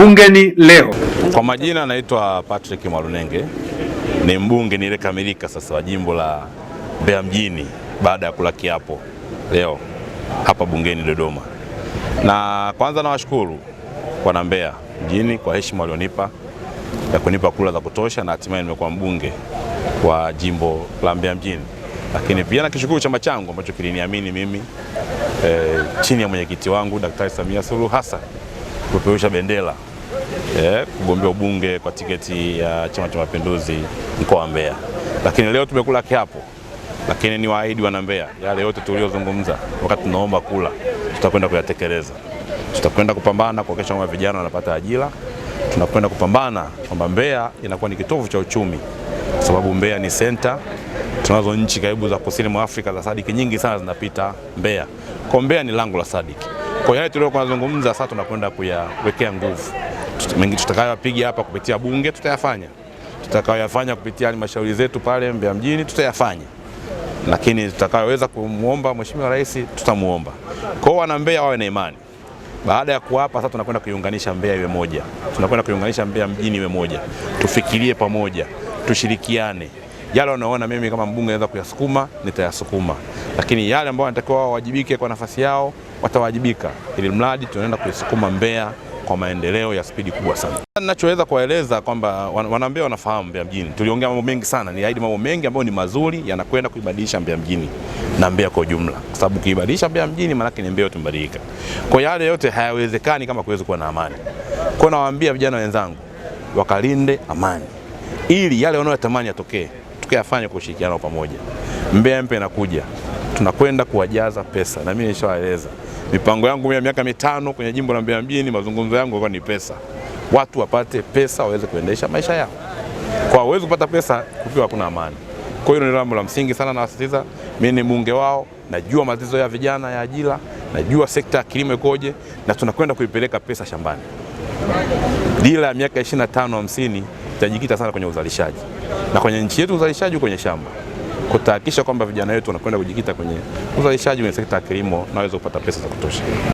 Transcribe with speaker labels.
Speaker 1: bungeni leo.
Speaker 2: Kwa majina naitwa Patrick Mwalunenge, ni mbunge niliyekamilika sasa wa jimbo la Mbeya mjini baada ya kula kiapo leo hapa bungeni Dodoma. Na kwanza nawashukuru wana Mbeya mjini kwa heshima walionipa ya kunipa kula za kutosha na hatimaye nimekuwa mbunge wa jimbo la Mbeya mjini, lakini pia nakishukuru chama changu ambacho kiliniamini mimi e, chini ya mwenyekiti wangu Daktari Samia Suluhu Hassan kupeusha bendera eh, kugombea ubunge kwa tiketi ya Chama cha Mapinduzi mkoa wa Mbeya, lakini leo tumekula kiapo. Lakini ni waahidi wana Mbeya, yale yote tuliyozungumza wakati tunaomba kula, tutakwenda kuyatekeleza. Tutakwenda kupambana kuhakikisha kwamba vijana wanapata ajira, tunakwenda kupambana kwamba Mbeya inakuwa ni kitovu cha uchumi, kwa sababu Mbeya ni senta. Tunazo nchi karibu za kusini mwa Afrika za sadiki nyingi sana zinapita Mbeya, kwa Mbeya ni lango la sadiki. Kwa hiyo yale tuliyokuwa tunazungumza sasa tunakwenda kuyawekea nguvu mengi tutakayopiga hapa kupitia bunge tutayafanya, tutakayoyafanya kupitia halmashauri zetu pale Mbeya mjini tutayafanya, lakini tutakayoweza kumwomba Mheshimiwa Rais tutamwomba. Kwa wana Mbeya wawe na imani. Baada ya kuapa sasa, tunakwenda kuiunganisha Mbeya iwe moja, tunakwenda kuiunganisha Mbeya mjini iwe moja. Tufikirie pamoja, tushirikiane. Yale wanaona mimi kama mbunge naweza kuyasukuma, nitayasukuma, lakini yale ambayo wanatakiwa wao wawajibike kwa nafasi yao, watawajibika, ili mradi tunaenda kuisukuma Mbeya kwa maendeleo ya spidi kubwa sana. Ninachoweza kuwaeleza kwamba wanaambia wanafahamu Mbeya mjini, tuliongea mambo mengi sana, ni ahidi mambo mengi ambayo ni mazuri yanakwenda kuibadilisha Mbeya mjini na Mbeya kwa ujumla, kwa sababu kuibadilisha Mbeya mjini maana yake ni Mbeya tumebadilika. Kwa yale yote hayawezekani kama kuweza kuwa na amani. Kwa nawaambia vijana wenzangu wakalinde amani ili yale wanayotamani yatokee tukayafanye kwa ushirikiano pamoja. Mbeya mpya inakuja tunakwenda kuwajaza pesa, na mimi nishawaeleza mipango yangu ya miaka mitano kwenye jimbo la Mbeya mjini. Mazungumzo yangu ni pesa, watu wapate pesa waweze kuendesha maisha yao, kwa uwezo kupata pesa kukiwa hakuna amani. Kwa hiyo ni jambo la msingi sana, nawasisitiza. Mimi ni mbunge wao, najua matatizo ya vijana ya ajira, najua sekta ya kilimo ikoje, na tunakwenda kuipeleka pesa shambani. Dira ya miaka 25 50 itajikita sana kwenye uzalishaji, na kwenye nchi yetu uzalishaji kwenye shamba kutahakikisha kwamba vijana wetu wanakwenda kujikita kwenye uzalishaji kwenye sekta ya kilimo na waweze kupata pesa za kutosha.